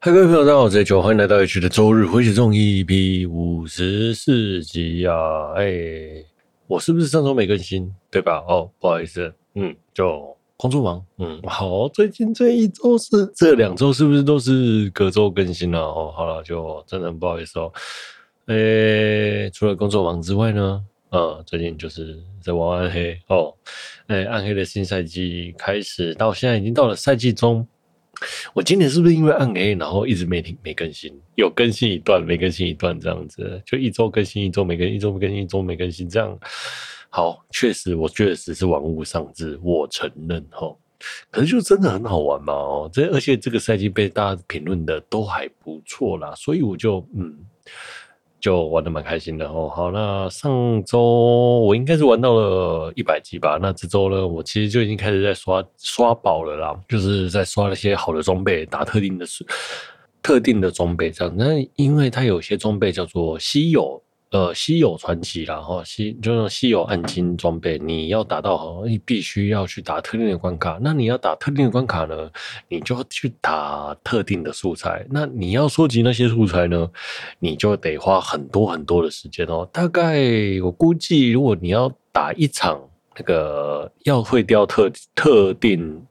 嗨，各位朋友，大家好，我是 Joe，歡迎來到 H 的週日回血中一比五十四集啊，欸我是不是上週沒更新，對吧？哦，不好意思，嗯，就工作忙，嗯，好，哦，最近這一週是這兩週是不是都是隔週更新了，啊？哦，好了，就真的很不好意思哦。誒，除了工作忙之外呢，嗯，最近就是在玩暗黑，哦，誒，暗黑的新賽季開始到現在已經到了賽季中。我今年是不是因為暗黑，然後一直沒停沒更新，有更新一段，沒更新一段，這樣子，就一周更新一周沒更，一周沒更新一周沒更新，這樣，好，確實我確實是玩物喪志，我承認吼，可是就真的很好玩嘛哦，這而且這個賽季被大家評論的都還不錯啦，所以我就嗯。就玩的蠻開心的哦，好，那上周我應該是玩到了一百級吧，那這周呢，我其實就已經開始在刷刷寶了啦，就是在刷那些好的裝備，打特定的時特定的裝備這樣，那因為它有些裝備叫做稀有。呃，稀有傳奇啦，然後稀就是稀有暗金裝備，你要達到哈，你必須要去打特定的關卡。那你要打特定的關卡呢，你就要去打特定的素材。那你要收集那些素材呢，你就得花很多很多的時間哦。大概我估計，如果你要打一場那個要會掉特特定。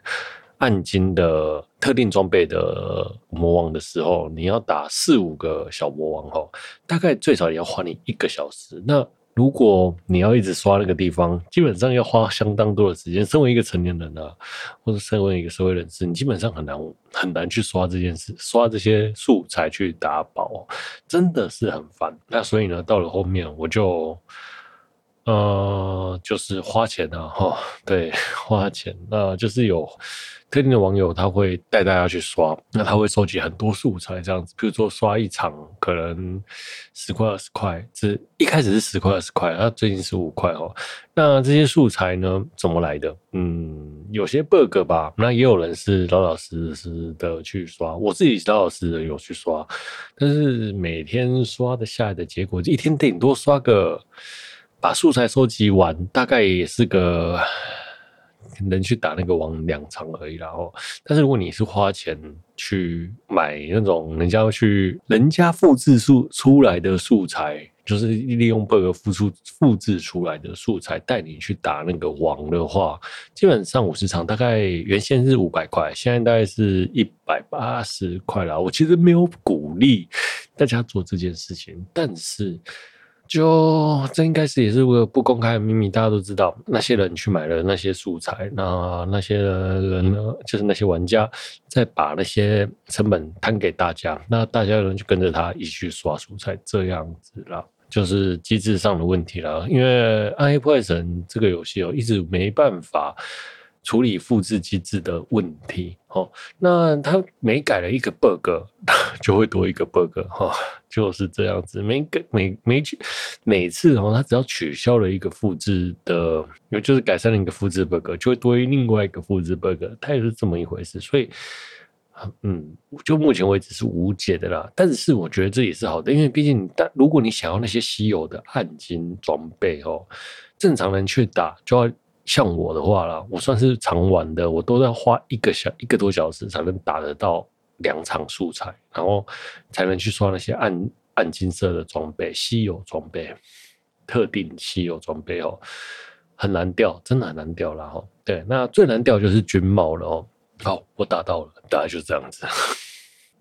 暗金的特定裝備的魔王的時候，你要打四五個小魔王吼，大概最少也要花你一個小時。那如果你要一直刷那個地方，基本上要花相當多的時間。身為一個成年人啊，或者身為一個社會人士，你基本上很難很難去刷這件事，刷這些素材去打寶，真的是很煩。那所以呢，到了後面我就。呃，就是花錢啊，哈，對，花錢。那就是有特定的網友，他會帶大家去刷，那他會收集很多素材，這樣子。比如說刷一場，可能十塊二十塊，只一開始是十塊二十塊，那、啊、最近是五塊哈。那這些素材呢，怎麼來的？嗯，有些 bug 吧，那也有人是老老實實的去刷，我自己老老實實有去刷，但是每天刷的下來的結果，一天頂多刷個。把素材收集完，大概也是個能去打那個王兩場而已。然後，但是如果你是花錢去買那種人家要去人家複製出出來的素材，就是利用 bug 複出複製出來的素材帶你去打那個王的話，基本上五十場，大概原先是五百塊，現在大概是一百八十塊了。我其實沒有鼓勵大家做這件事情，但是。就這應該是也是個不公開的秘密，大家都知道那些人去買了那些素材，那那些人呢，嗯、就是那些玩家在把那些成本攤給大家，那大家人就跟着他一起去刷素材，這樣子啦，就是機制上的問題啦，因為《暗黑破壞神》這個遊戲哦，一直沒辦法。處理複製機制的問題，哦，那他每改了一個 bug 就會多一個 bug 哈，就是這樣子，每個每每每次哦，他只要取消了一個複製的，也就是改善了一個複製 bug，就會多另外一個複製 bug，它也是這麼一回事，所以，嗯，就目前為止是無解的啦。但是我覺得這也是好的，因為畢竟，但如果你想要那些稀有的暗金裝備哦，正常人去打就要。像我的話啦，我算是常玩的，我都要花一個小一個多小時才能打得到兩場素材，然後才能去刷那些暗暗金色的裝備、稀有裝備、特定稀有裝備哦，很難掉，真的很難掉啦。哈。對，那最難掉就是軍帽了哦。好、喔，我打到了，大概就是這樣子。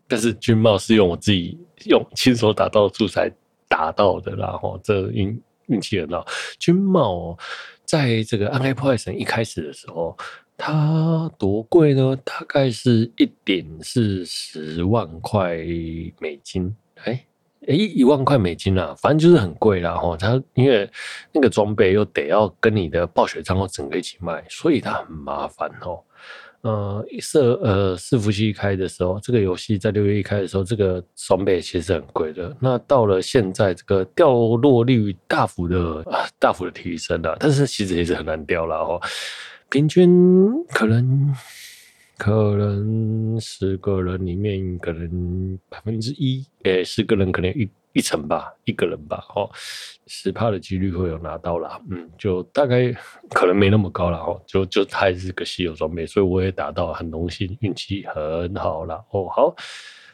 但是軍帽是用我自己用親手打到的素材打到的啦，然後這運運氣很好，軍帽、喔。在這個暗黑破壞神一開始的時候，它多貴呢？大概是一點是十萬塊美金，哎哎一萬塊美金啦，反正就是很貴啦。吼，它因為那個裝備又得要跟你的暴雪賬號整個一起賣，所以它很麻煩哦、喔。呃，四呃伺服器一開的時候，這個遊戲在六月一開的時候，這個裝備其實很貴的。那到了現在，這個掉落率大幅的、啊、大幅的提升了、啊，但是其實也是很難掉了哦。平均可能可能十個人裡面可能百分之一，哎、欸，十個人可能一。一成吧，一個人吧，哦，10%的幾率會有拿到啦，嗯，就大概可能沒那麼高了，哦，就就它還是個稀有裝備，所以我也打到，很榮幸，運氣很好啦，哦，好，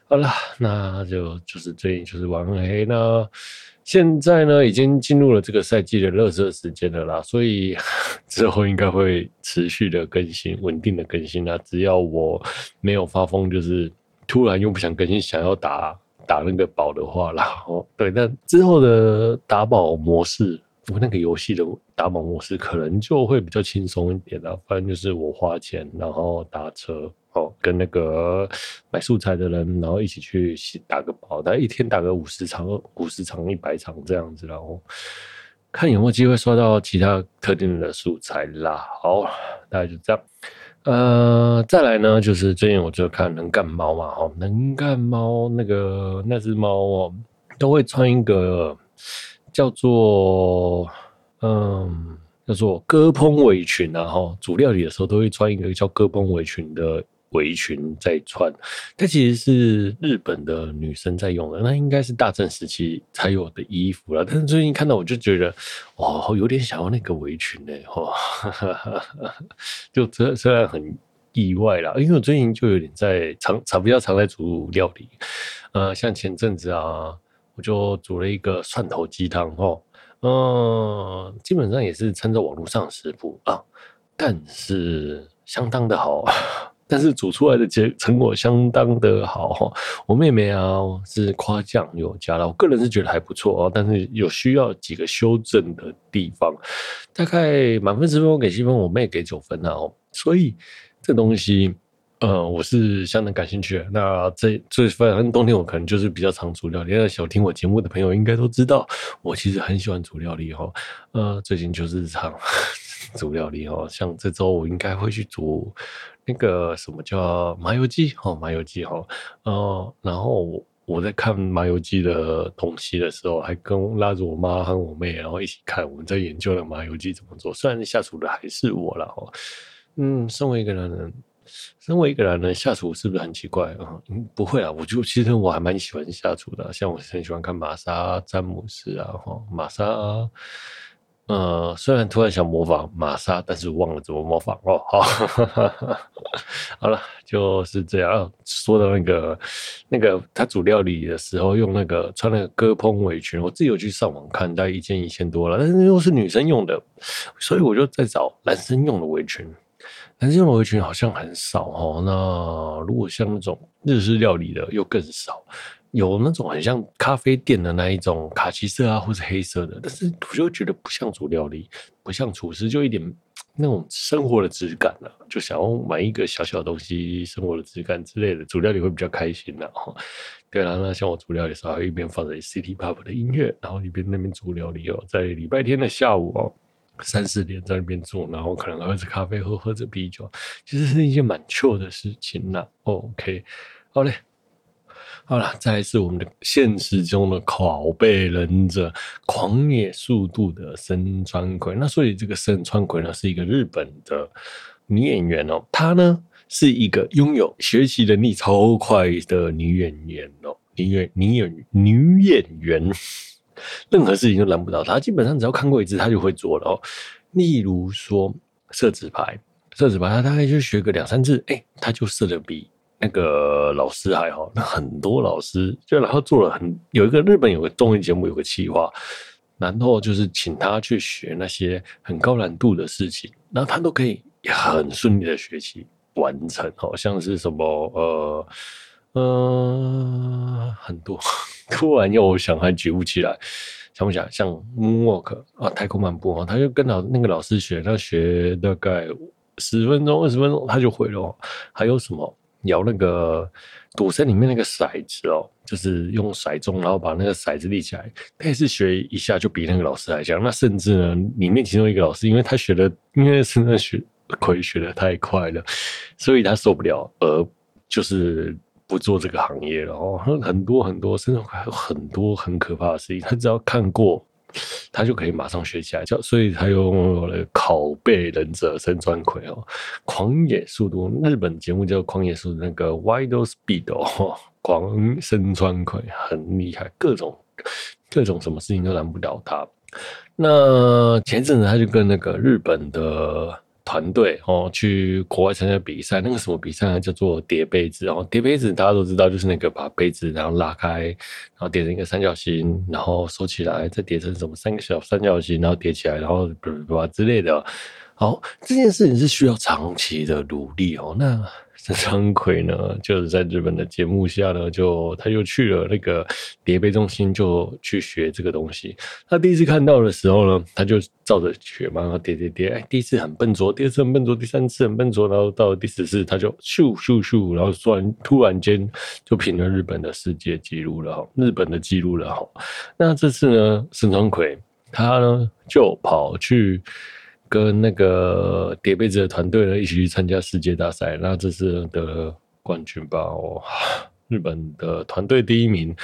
好啦，那就就是最近就是玩黑，那現在呢已經進入了這個賽季的垃圾時間了啦，所以之後應該會持續的更新，穩定的更新啦。只要我沒有發瘋，就是突然又不想更新，想要打、啊。打那個寶的話，然後對，那之後的打寶模式，我那個遊戲的打寶模式可能就會比較輕鬆一點了。反正就是我花錢，然後打車哦、喔，跟那個買素材的人，然後一起去打個寶，他一天打個五十場、五十場、一百場這樣子，然後看有沒有機會刷到其他特定的素材啦。好，大概就這樣。呃，再來呢，就是最近我就看能幹貓嘛，哈、哦，能幹貓那個那隻貓哦，都會穿一個叫做嗯，叫做割烹圍裙啊，後、哦、煮料理的時候都會穿一個叫割烹圍裙的。圍裙在穿，它其實是日本的女生在用的，那應該是大正時期才有的衣服啦。但是最近看到，我就覺得，哦，有點想要那個圍裙呢、欸，哦、哈,哈，就這雖然很意外啦，因為我最近就有點在常常比較常在煮料理，呃，像前陣子啊，我就煮了一個蒜頭雞湯，哦，嗯，基本上也是參照網絡上食譜啊，但是相當的好。但是煮出來的結成果相當的好，我妹妹啊是誇獎有加了，我個人是覺得還不錯哦，但是有需要幾個修正的地方，大概滿分十分我給七分，我妹給九分啊，所以這東西呃我是相當感興趣。那這這反正冬天我可能就是比較常煮料理，那小聽我節目的朋友應該都知道，我其實很喜歡煮料理哈，呃最近就是日常。煮料理哦，像這周我應該會去煮那個什麼叫麻油雞哦，麻油雞哦，呃，然後然後我在看麻油雞的東西的時候，還跟拉着我媽和我妹，然後一起看我們在研究的麻油雞怎麼做。雖然下廚的還是我啦，哦，嗯，身為一個男人，身為一個男人下廚是不是很奇怪啊？嗯，不會啊，我就其實我還蠻喜歡下廚的，像我很喜歡看瑪莎詹姆斯啊，哦，瑪莎啊。呃，雖然突然想模仿瑪莎，但是忘了怎麼模仿哦。好，呵呵，好了，就是這樣、啊。說到那個，那個他煮料理的時候用那個穿那個割烹圍裙，我自己有去上網看，大概一千、一千多了。但是又是女生用的，所以我就在找男生用的圍裙。男生用的圍裙好像很少哦。那如果像那種日式料理的，又更少。有那種很像咖啡店的那一種卡其色啊，或是黑色的，但是我就覺得不像煮料理，不像廚師，就一點那種生活的質感了，啊，就想要買一個小小東西生活的質感之類的。煮料理會比較開心的、啊、哦。對啦，那像我煮料理的時候，還一邊放着 City Pop 的音樂，然後一邊那邊煮料理哦，在禮拜天的下午哦，三四點在那邊做，然後可能喝着咖啡喝喝着啤酒，其實是一件蠻 chill 的事情呢、啊。OK，好嘞。好了，再來是我們的現實中的拷貝忍者，狂野速度的森川葵。那所以這個森川葵呢，是一個日本的女演員哦、喔。她呢是一個擁有學習能力超快的女演員哦、喔，女演、女演、女演員， 任何事情都難不倒她。基本上只要看過一次，她就會做了哦、喔。例如說，射紙牌，射紙牌，她大概就學個兩三次，哎、欸，她就射了筆。那個老師還好，那很多老師就然後做了很有一個日本有個綜藝節目有個企劃，然後就是請他去學那些很高難度的事情，然後他都可以很順利的學習完成哦，好像是什麼呃嗯、呃、很多，突然又想還舉不起來，想不想像 moonwalk 啊太空漫步啊，他就跟老那個老師學，他學大概十分鐘二十分鐘他就會了，還有什麼？搖那個賭神裡面那個骰子哦，就是用骰盅，然後把那個骰子立起來。他也是學一下就比那個老師還強。那甚至呢，裡面其中一個老師，因為他學的，因為是那學可以學的太快了，所以他受不了，而、呃、就是不做這個行業了。哦，很多很多，甚至還有很多很可怕的事情。他只要看過。他就可以馬上學起來，叫所以他用“拷貝忍者森川葵”哦，狂野速度，日本節目叫“狂野速度”，那個 Wild Speed 哦，狂森川葵很厲害，各種各種什麼事情都難不倒他。那前一陣子他就跟那個日本的。團隊哦，去國外參加比賽，那個什麼比賽呢？叫做疊杯子哦、喔，疊杯子大家都知道，就是那個把杯子然後拉開，然後疊成一個三角形，然後收起來，再疊成什麼三個小三角形，然後疊起來，然後吧之類的。好，這件事情是需要長期的努力哦、喔，那。沈昌奎呢，就是在日本的節目下呢，就他又去了那個疊杯中心，就去學這個東西。他第一次看到的時候呢，他就照着學嘛，疊疊疊。哎，第一次很笨拙，第二次很笨拙，第三次很笨拙，然後到了第四次，他就咻咻咻，然後突然突然間就平了日本的世界紀錄了哈，日本的紀錄了哈。那這次呢，沈昌奎他呢就跑去。跟那個疊被子的團隊呢，一起去參加世界大賽，那這次得了冠軍吧，哦？哇日本的團隊第一名，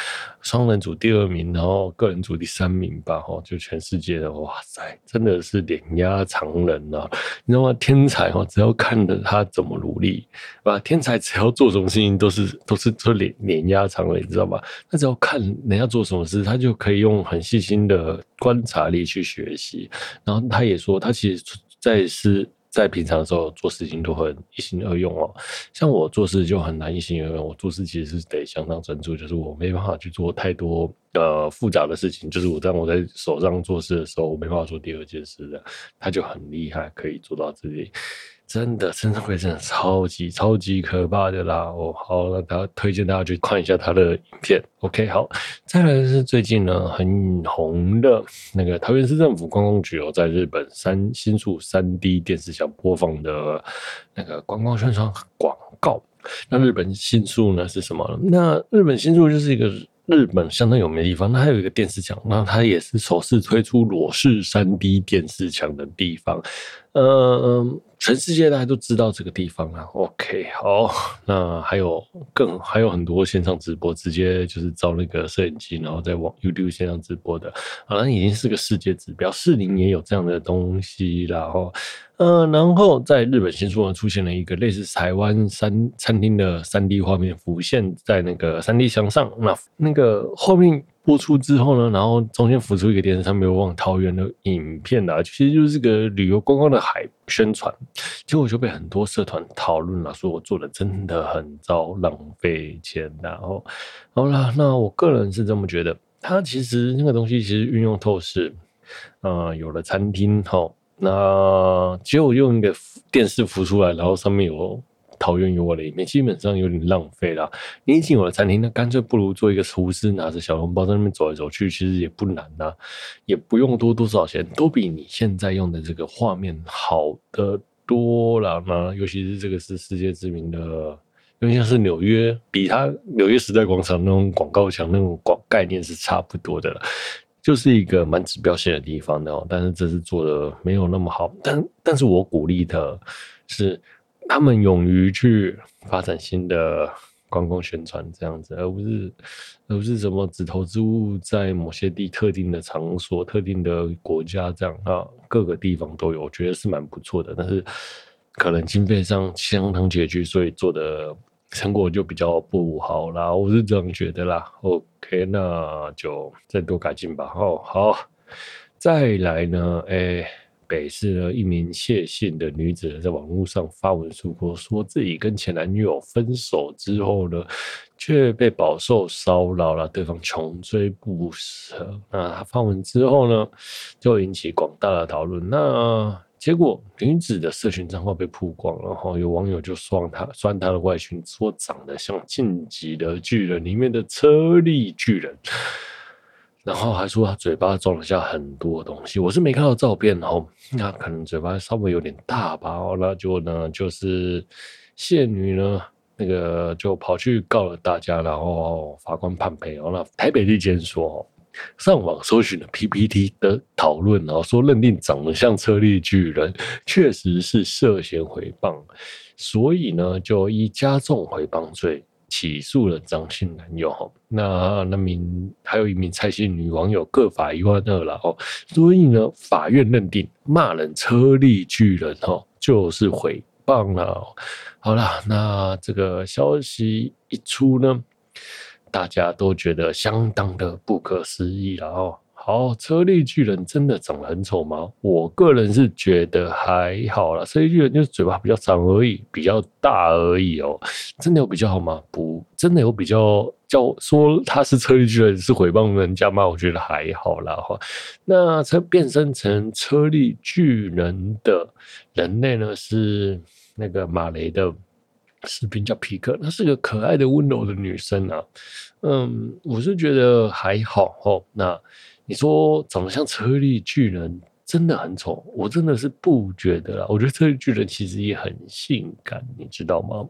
雙人組第二名，然後個人組第三名吧，哈，就全世界的，哇塞，真的是碾壓常人啊。你知道嗎？天才哦，只要看着他怎麼努力，把天才只要做什麼事情都是都是都碾碾壓常人，你知道嗎？他只要看人家做什麼事，他就可以用很細心的觀察力去學習，然後他也說，他其實在是。在平常的時候做事情都很一心二用哦，像我做事就很難一心二用，我做事其實是得相當專注，就是我沒辦法去做太多。呃，複雜的事情就是我當我在手上做事的時候，我沒辦法做第二件事的。他就很厲害，可以做到這裡，真的，真的會真的超級超級可怕的啦！哦、oh，好，那他推薦大家去看一下他的影片。OK，好，再來是最近呢很紅的那個桃園市政府觀光局哦，在日本三新宿三 D 電視上播放的那個觀光宣傳廣告。那日本新宿呢是什麼呢？那日本新宿就是一個。日本相當有名的地方，那還有一個電視牆，那它也是首次推出裸視三 D 電視牆的地方。嗯、呃，全世界大家都知道這個地方啊。OK，好，那還有更還有很多線上直播，直接就是照那個攝影機，然後再往 YouTube 線上直播的，好、啊、像已經是個世界指標。四零也有這樣的東西，然後，嗯、呃，然後在日本新宿上出現了一個類似台灣三餐廳的三 D 畫面浮現在那個三 D 牆上，那那個後面。播出之後呢，然後中間浮出一個電視，上面有往桃園的影片啊，其實就是個旅遊觀光，光的海宣傳。結果就被很多社團討論了，說我做的真的很糟，浪費錢、啊。然後，好啦，那我個人是這麼覺得，它其實那個東西其實運用透視，嗯、呃，有了餐廳好，那結果用一個電視浮出來，然後上面有。桃園有我的一面，基本上有點浪費了。你進我的餐廳，那乾脆不如做一個廚師，拿着小籠包在那邊走來走去，其實也不難啊，也不用多多少錢，都比你現在用的這個畫面好得多了嘛。尤其是這個是世界知名的，就像是紐約，比它紐約時代廣場那種廣告牆那種廣概念是差不多的，就是一個蠻指標性的地方的、喔。但是這次做的沒有那麼好，但但是我鼓勵的是，他們勇於去發展新的觀光宣傳，這樣子，而不是而不是什麼只投資物在某些地特定的場所、特定的國家這樣啊，各個地方都有，我覺得是蠻不錯的。但是可能經費上相當拮據，所以做的成果就比較不好啦。我是這樣覺得啦。OK，那就再多改進吧。好、哦，好，再來呢？誒。北市的一名謝姓的女子在網絡上發文訴說，自己跟前男友分手之後呢，卻被飽受騷擾了，對方窮追不舍。那她發文之後呢，就引起廣大的討論。那、啊、結果，女子的社群賬號被曝光了，然後有網友就酸她，酸她的外型，說長得像《進擊的巨人》裡面的車力巨人。然後還說他嘴巴裝了下很多東西，我是沒看到照片哦，那可能嘴巴稍微有點大吧，哦，那就呢就是謝女呢那個就跑去告了大家，然後法官判賠哦，那台北地檢說、哦、上網搜尋的 PPT 的討論，然後說認定長得像車力巨人，確實是涉嫌誹謗，所以呢就以加重誹謗罪。起訴了張姓男友，那那名還有一名蔡姓女網友各罰一萬二了，哦，所以呢，法院認定罵人車力巨人，哦，就是誹謗了。好了，那這個消息一出呢，大家都覺得相當的不可思議了，哦。好，車力巨人真的長得很醜嗎？我個人是覺得還好啦。車力巨人就是嘴巴比較長而已，比較大而已哦。真的有比較好嗎？不，真的有比較叫說他是車力巨人是毀謗人家嗎？我覺得還好啦。哈。那車變身成車力巨人的人類呢，是那個馬雷的士兵叫皮克，她是個可愛的溫柔的女生啊。嗯，我是覺得還好哦。那。你說長得像車力巨人真的很醜？我真的是不覺得啦。我覺得車力巨人其實也很性感，你知道嗎？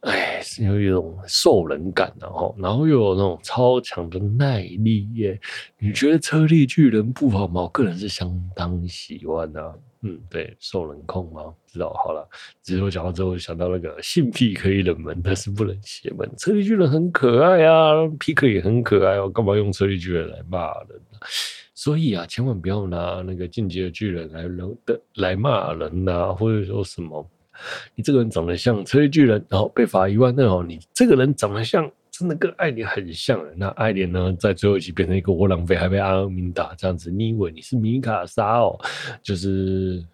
哎，是有一種獸人感，然後，然後又有那種超強的耐力耶。你覺得車力巨人不好嗎？我個人是相當喜歡的、啊。嗯，對，受冷控嗎？知道好了。只是我講到之後，想到那個性癖可以冷門，但是不能邪門。車力巨人很可愛啊，皮克也很可愛，哦，幹嘛用車力巨人來罵人啊？所以啊，千萬不要拿那個進階的巨人來冷的來罵人吶，啊，或者說什麼你這個人長得像車力巨人，然、哦、後被罰一萬，那好，你這個人長得像。真的跟艾連很像。那艾連呢，在最後一集變成一個窩囊廢，還被阿爾敏打這樣子。你以為你是米卡莎哦，就是。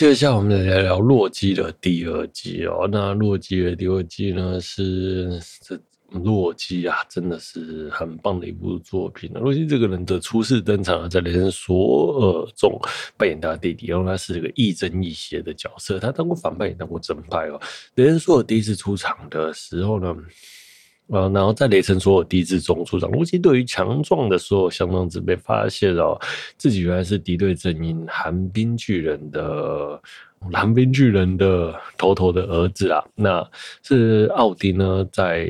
接下來，我們來聊聊《洛基》的第二季哦。那《洛基》的第二季呢，是這《洛基》啊，真的是很棒的一部作品啊。《洛基》這個人的初次登場在雷神索爾中扮演他弟弟，然後他是這個亦正亦邪的角色，他當過反派，也當過正派哦。雷神索爾第一次出場的時候呢。啊、呃，然後在雷神索爾第一集中出場。洛基對於強壯的索爾，相當子被發現了，自己原來是敵對陣營寒冰巨人的寒冰巨人的頭頭的兒子啊。那是奧丁呢，在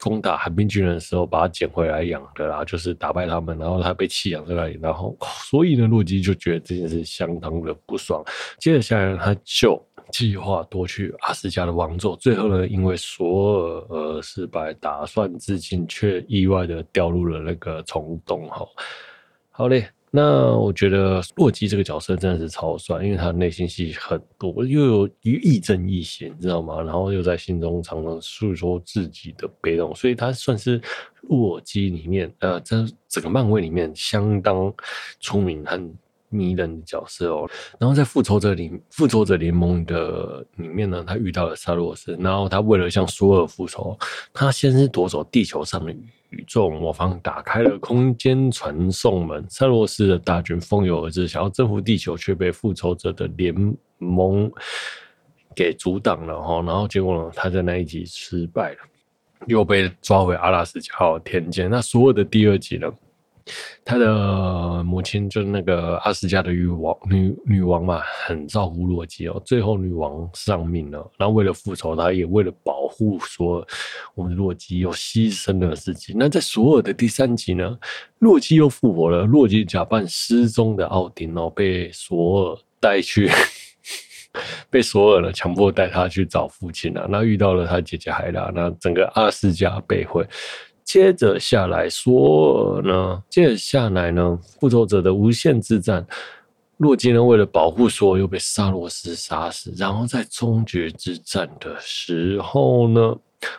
攻打寒冰巨人的時候把他撿回來養的啦，就是打敗他們，然後他被棄養在那裡，然後所以呢，洛基就覺得這件事相當的不爽。接着下來他就。計劃奪取阿斯加的王座，最後呢，因為索爾而、呃、失敗，打算自盡，卻意外的掉入了那個蟲洞。哈，好嘞，那我覺得洛基這個角色真的是超帥，因為他的內心戲很多，又有亦正亦邪，你知道嗎？然後又在心中常常訴說自己的悲痛，所以他算是洛基裡面呃，這整個漫威裡面相當出名很。迷人的角色哦，然後在復仇者裡，復仇者聯盟的裡面呢，他遇到了薩洛斯，然後他為了向索爾復仇，他先是奪走地球上的宇宙魔方，打開了空間傳送門，薩洛斯的大軍蜂擁而至，想要征服地球，卻被復仇者的聯盟給阻擋了哈，然後結果呢，他在那一集失敗了，又被抓回阿拉斯加號天艦，那索爾的第二集呢？他的母親就是那個阿斯加的女王女女王嘛，很照顧洛基哦。最後女王喪命了，然後為了復仇他，他也為了保護索爾，我們洛基又犧牲了自己。那在索爾的第三集呢，洛基又復活了。洛基假扮失蹤的奧丁哦，被索爾帶去， 被索爾呢強迫帶他去找父親了、啊。那遇到了他姐姐海拉，那整個阿斯加被毀。接着下來說呢，接着下來呢，復仇者的無限之戰，洛基呢為了保護所有被薩洛斯殺死，然後在終局之戰的時候呢。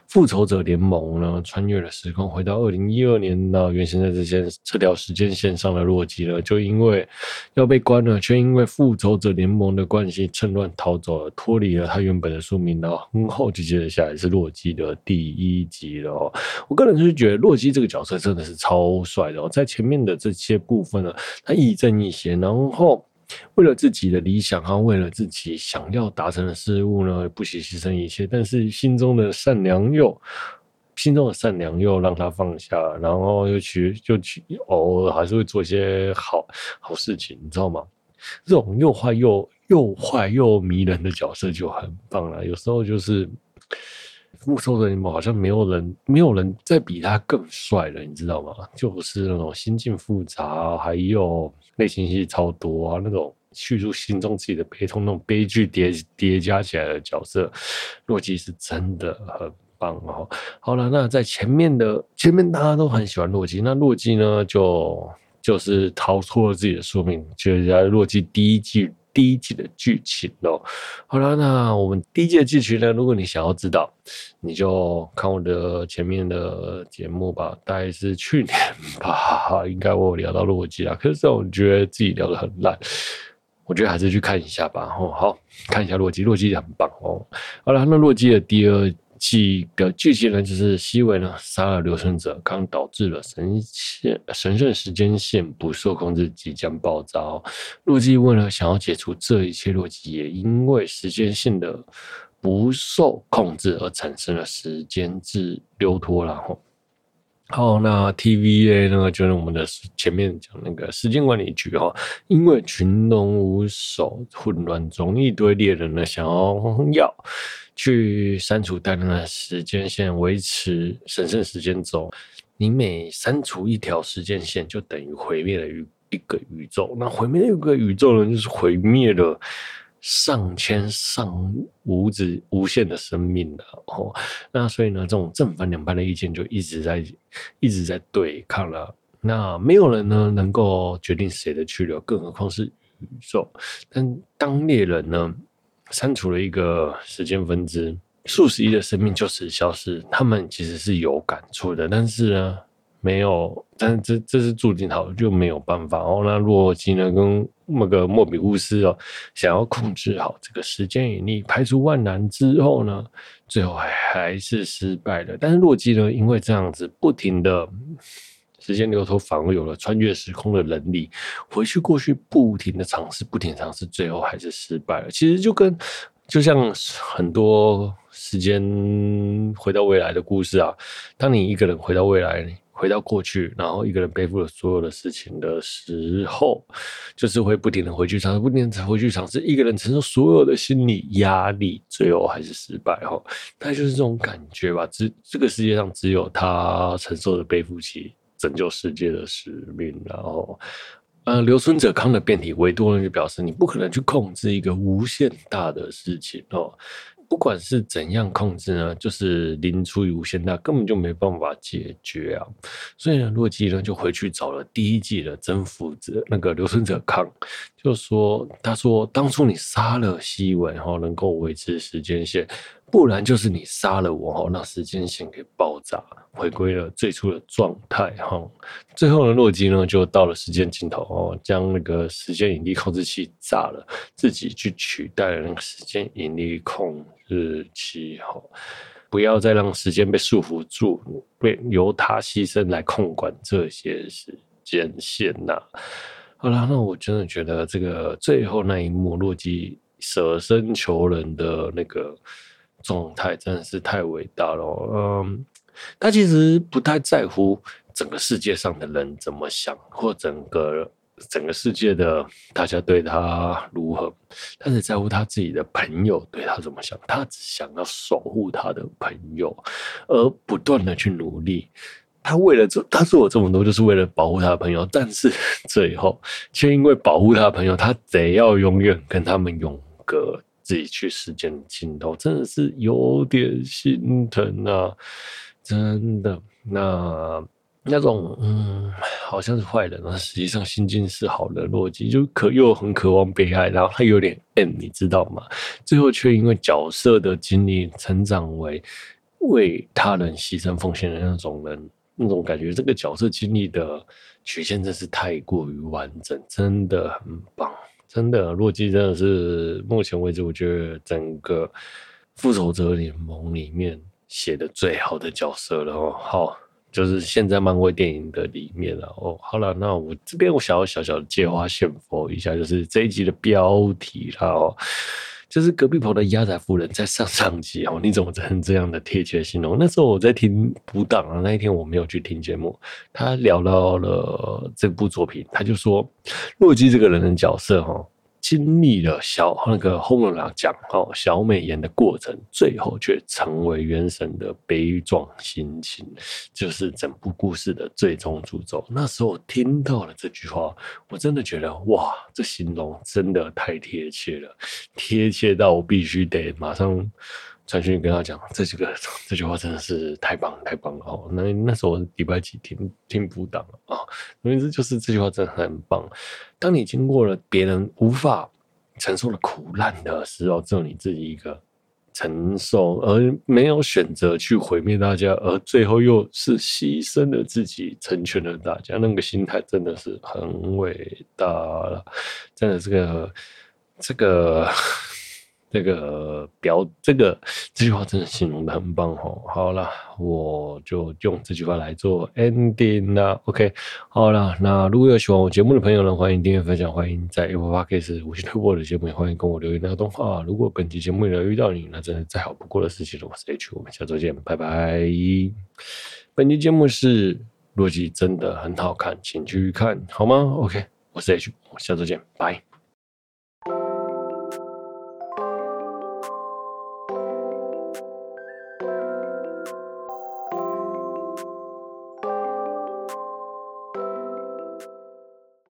復仇者聯盟呢，穿越了時空，回到二零一二年呢，原先在這些這條時間線上的洛基呢，就因為要被關了，卻因為復仇者聯盟的關係，趁亂逃走了，脫離了他原本的宿命。然後，嗯，後就接着下來是洛基的第一集了哦。我個人就是覺得洛基這個角色真的是超帥的哦，在前面的這些部分呢，他亦正亦邪，然後。為了自己的理想和、啊、為了自己想要達成的事物呢，不惜犧牲一切。但是心中的善良又，心中的善良又讓他放下，然後又去就去偶爾還是會做一些好好事情，你知道嗎？這種又壞又又壞又迷人的角色就很棒了。有時候就是。目收的你好像沒有人，沒有人再比他更帥了，你知道嗎？就是那種心境複雜，還有內心戲超多啊，那種敘述心中自己的悲痛，那種悲劇疊疊加起來的角色，洛基是真的很棒哦。好了，那在前面的前面大家都很喜歡洛基，那洛基呢就就是逃脫了自己的宿命，就是在洛基第一季。第一季的劇情哦，好了，那我們第一季的劇情呢？如果你想要知道，你就看我的前面的節目吧，大概是去年吧，應該我有聊到洛基啊，可是我覺得自己聊得很爛，我覺得還是去看一下吧。吼、哦，好，看一下洛基，洛基很棒哦。好了，那洛基的第二。幾個具體呢，就是西維呢，殺了留存者，剛導致了神聖神聖時間線不受控制即，即將爆炸。洛基為了想要解除這一切，洛基也因為時間線的不受控制而產生時制了時間質溜脫，然後。好、哦，那 TVA 呢，就是我們的前面講那個時間管理局哈，因為群龍無首，混亂中，一堆獵人呢想要去刪除大量的時間線，維持神聖時間軸。你每刪除一條時間線，就等於毀滅了一個宇宙。那毀滅一個宇宙呢，就是毀滅了。上千上萬無止無限的生命了哦，那所以呢，這種正反兩派的意見就一直在一直在對抗了。那沒有人呢能夠決定誰的去留，更何況是宇宙。但當獵人呢刪除了一個時間分支，數十億的生命就此消失，他們其實是有感觸的。但是呢，沒有，但這這是注定好，就沒有辦法哦。那洛基呢跟。那麼個莫比烏斯哦，想要控制好這個時間引力，排除萬難之後呢，最後還還是失敗了。但是洛基呢，因為這樣子不停的時，時間流頭反而有了穿越時空的能力，回去過去不，不停的嘗試，不停嘗試，最後還是失敗了。其實就跟就像很多時間回到未來的故事啊，當你一個人回到未來。回到過去，然後一個人背負了所有的事情的時候，就是會不停的回去嘗試，不停的回去嘗試，一個人承受所有的心理壓力，最後還是失敗哦，大概就是這種感覺吧。只這個世界上只有他承受着背負起拯救世界的使命，然後，呃，留存者康的變體，維多人就表示，你不可能去控制一個無限大的事情哦。吼。不管是怎樣控制呢，就是零除以無限大，根本就沒辦法解決啊！所以呢，洛基呢就回去找了第一季的征服者那個留存者康，就說：“他說當初你殺了希文，然後能夠維持時間線。”不然就是你殺了我哈，那時間線給爆炸，回歸了最初的狀態哈。最後的洛基呢就到了時間盡頭哦，將那個時間引力控制器炸了，自己去取代那個時間引力控制器吼，不要再讓時間被束縛住，被由他犧牲來控管這些時間線吶、啊。好啦，那我真的覺得這個最後那一幕，洛基捨身求人的那個。狀態真的是太偉大了，嗯，他其實不太在乎整個世界上的人怎麼想，或整個整個世界的大家對他如何，他只在乎他自己的朋友對他怎麼想。他只想要守護他的朋友，而不斷的去努力。他為了做，他做了這麼多，就是為了保護他的朋友。但是最後，卻因為保護他的朋友，他得要永遠跟他們永隔。自己去時間盡頭，真的是有點心疼啊！真的，那那種嗯，好像是壞人啊，實際上心境是好的，洛基就可，又很渴望被愛，然後他有點嗯、欸，你知道嗎？最後卻因為角色的經歷，成長為為他人犧牲奉獻的那種人，那種感覺，這個角色經歷的曲線真是太過於完整，真的很棒。真的、啊，洛基真的是目前為止，我覺得整個復仇者聯盟裡面寫的最好的角色了哈、哦。好，就是現在漫威電影的裡面了、啊、哦。好了，那我這邊我想要小小的借花獻佛一下，就是這一集的標題、哦，然後。就是隔壁旁的鴨宅夫人在上上集哦，你怎麼宅成這樣的貼切形容。那時候我在聽補檔啊，那一天我沒有去聽節目，他聊到了這部作品，他就說洛基這個人的角色哈、哦。經歷了小那個後面講哦，曉美炎的過程，最後卻成為圓神的悲壯心情，就是整部故事的最終主軸。那時候我聽到了這句話，我真的覺得哇，這形容真的太貼切了，貼切到我必須得馬上。傳訊跟他講，這幾個這句話真的是太棒太棒了喔。那那時候禮拜幾聽聽補檔啊，總之就是這句話真的很棒。當你經過了別人無法承受的苦難的時候，只有你自己一個承受，而沒有選擇去毀滅大家，而最後又是犧牲了自己，成全了大家，那個心態真的是很偉大了。真的、這個，這個這個。這個、呃、表，這個這句話真的形容的很棒哦。好啦，我就用這句話來做 ending 啦。OK，好啦。那如果有喜歡我節目的朋友呢，歡迎訂閱分享，歡迎在 a p p a k 是無線直播的節目，也歡迎跟我留言互動、那個啊、如果本期節目裡面遇到你，那真的是再好不過的事情了。我是 H，我們下周見，拜拜。本期節目是《洛基》，真的很好看，請去看好嗎？OK，我是 H，我們下周見，拜拜。